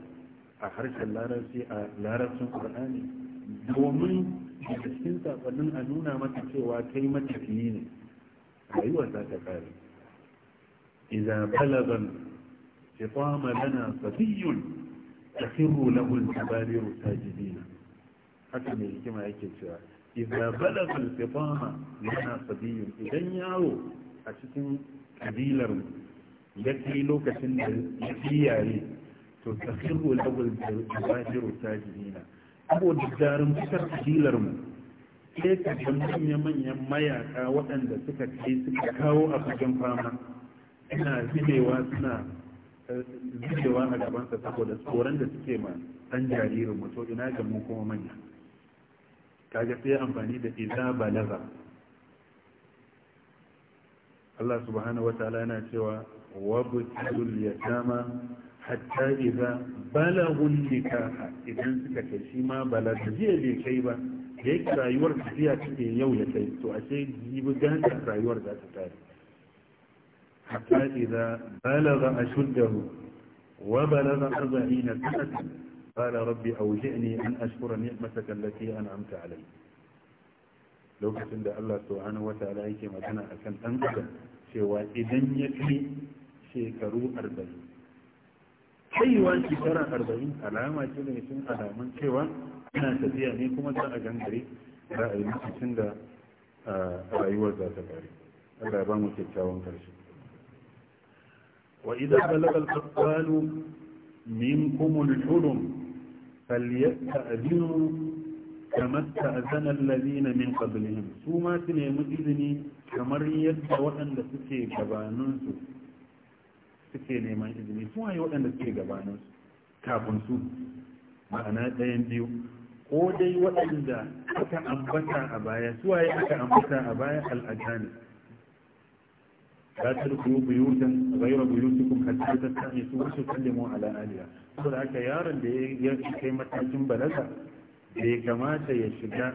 a harshen larabci a larabcin Ƙur'ani, domin da cikin sakonnin a nuna mata cewa kai matafiyi ne rayuwar za ta kare idza balagan shitama lana sabiyyun takhirru lahu al-jabaliru sajidina haka mai hikima yake cewa idza balaga shitama lana sabiyyun idan yawo a cikin kabilar ya kai lokacin da ya yayi to tasiru lagos da zahiru sajirina saboda jarumtar kabilar mu sai ka ga manyan mayaka waɗanda suka kai suka kawo a fama Ina zubewa suna eh, zubewa a gabansa saboda tsoron da suke ma ɗan jaririn mu to ina ga mu kuma manya kaga sai amfani da iza balaga Allah subhanahu wa ta'ala yana cewa wabtul yatama hatta iza balagun nikaha idan suka kai shi ma balaga jiya bai kai ba da yake rayuwar tafiya take yau ya kai to ashe jibi ganta rayuwar za ta tare hatta iza balaga ashuddahu wa balaga arba'ina sanatan qala rabbi ne an ashkura ni'mataka an an'amta alai lokacin da Allah wata ala yake magana akan ɗan adam cewa idan ya kai shekaru arba'in kaiwan shekara arba'in alama ce daga cikin alamun cewa ina tafiya ne kuma za a gangare za a yi da rayuwar za ta kare Allah ba mu kyakkyawan karshe wa idan balagal qatalu minkum al-hulum kamar ta lalina min kabilin su ma su nemi izini kamar yadda waɗanda suke gabaninsu suke neman izini su waye waɗanda suke gabanin kafin su ma'ana ɗayan biyu ko dai waɗanda aka ambata a baya su waye aka ambata a baya al'ajani biyu tadkhulu buyutan ghayra buyutikum hatta tastanisu wa tusallimu ala ahliha saboda haka yaron da ya kai matakin balaga bai kamata ya shiga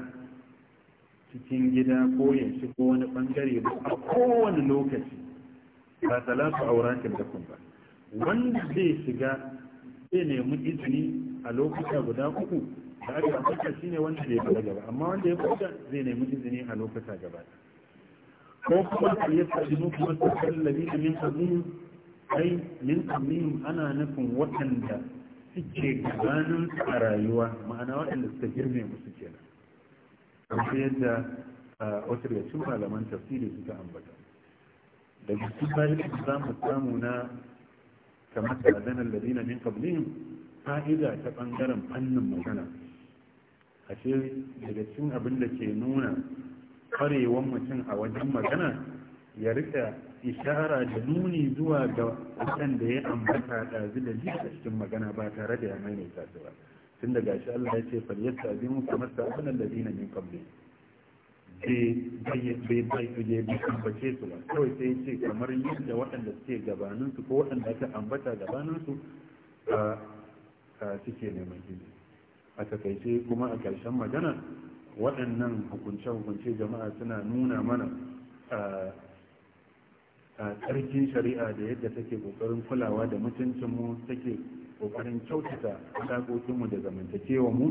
cikin gida ko ya shigo wani bangare ba a kowane lokaci ba talatu auratin da kun ba wanda zai shiga zai nemi izini a lokuta guda uku da aka shi ne wanda zai bala gaba amma wanda ya fita zai nemi izini a lokuta gaba ko kuma ya sajinu kuma ta kallabi da min ai min kamun ana nufin waɗanda suke gabanin a rayuwa ma'ana waɗanda suka girme musu kenan kamar yadda ah, wasu da cikin malaman tafsiri suka ambata da jikin bayan za mu samu na kamar tsadanar ladina min qablihim fa'ida ta bangaren fannin magana a ce daga cikin abin da ke nuna kwarewan mutum a wajen magana ya rika ishara da nuni zuwa ga da ya ambata ɗazu da ji a cikin magana ba tare da ya maimaita su ba tun daga shi Allah ya ce falyasta azimu kamar tsadanar ladina min qablihim bai ambace su ba kawai sai ce kamar yadda waɗanda suke su ko waɗanda aka ambata a suke neman jini a takaice kuma a ƙarshen magana waɗannan hukunce-hukunce jama'a suna nuna mana a ƙarfin shari'a da yadda take ƙoƙarin kulawa da mutuncinmu take ƙoƙarin kyautata alaƙoƙinmu da zamantakewa mu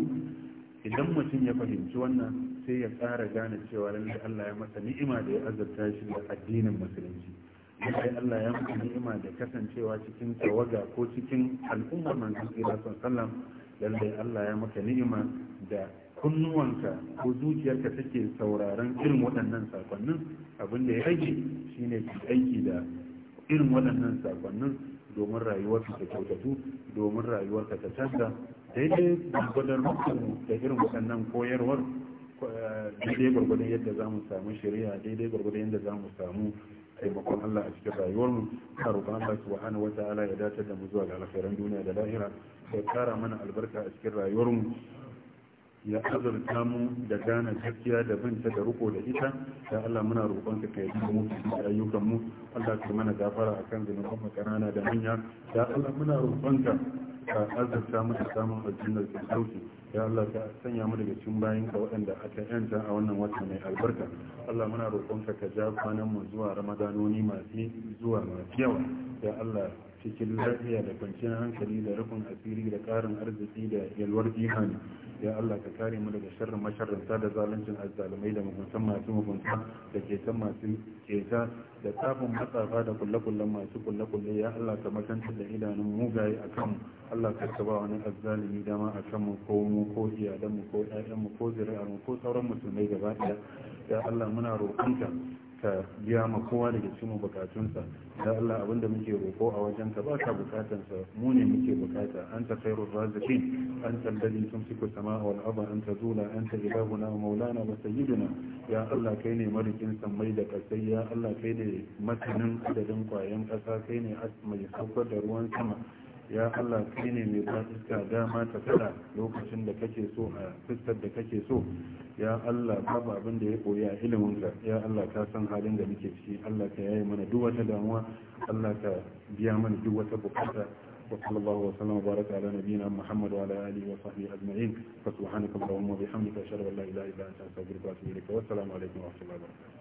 idan mutum ya fahimci wannan sai ya ƙara gane cewa lallai Allah ya masa ni'ima da ya azurta shi da addinin musulunci lallai Allah ya masa ni'ima da kasancewa cikin tawaga ko cikin al'ummar manzon Allah sallallahu lallai Allah ya maka ni'ima da kunnuwanka ko zuciyarka take sauraron irin waɗannan sakonnin abin da ya rage shine ki aiki da irin waɗannan sakonnin domin rayuwarka ta kyautatu domin rayuwarka ta canza daidai gwadar mutum da irin waɗannan koyarwar daidai gwargwadon yadda za mu samu shari'a daidai gwargwadon yadda za mu samu taimakon Allah a cikin rayuwarmu a roƙon Allah wata ala ya dace da mu zuwa ga alkhairan duniya da lahira ya kara mana albarka a cikin rayuwarmu ya azurta mu da gane gaskiya da binta da riko da ita ya Allah muna roƙon ka kai da mu ayyukan mu Allah ka mana gafara akan kan mu kanana da manya ya Allah muna roƙon ka ka azurta mu da samun aljannar da sauki ya Allah ka sanya mu daga cikin bayan ka waɗanda aka yanta a wannan wata mai albarka Allah muna roƙonka ka ja kwanan mu zuwa ramadanoni masu zuwa masu yawa ya Allah cikin lafiya da kwanciyar hankali da rufin asiri da karin arziki da yalwar imani ya Allah ka kare mu daga sharrin masharranta da zaluncin azzalumai da muguntan masu mugunta da ketan masu keta da tsafin matsafa da kulle-kullen masu kulle-kulle ya Allah ka da idanun mugaye a kanmu Allah ka wani azzalumi dama a kanmu ko mu ko iyalanmu ko 'ya'yanmu ko zuri'armu ko sauran musulmai gaba ɗaya ya Allah muna roƙonka ka biya ma kowa daga cikin bukatunsa da Allah abinda muke roko a wajen ka ba ka bukatansa mu ne muke bukata anta khairur raziqin anta alladhi tumsiku samaa wal arda anta zula anta ilahuna wa maulana wa sayyiduna ya Allah kai ne marikin sammai da kasai ya Allah kai ne matanin adadin kwayan kasa kai ne mai saukar da ruwan sama ya Allah kai ne mai ba iska dama ta fada lokacin da kake so a fuskar da kake so ya Allah babu abin da ya koyi a ka ya Allah ka san halin da muke ciki Allah ka yaye mana duk wata damuwa Allah ka biya mana duk wata bukata wa sallallahu wa sallam baraka ala nabiyyina Muhammad wa ala alihi wa sahbihi ajma'in fa subhanaka allahumma wa bihamdika ashhadu an la ilaha illa anta astaghfiruka wa atubu ilaik wa assalamu alaikum wa rahmatullahi wa barakatuh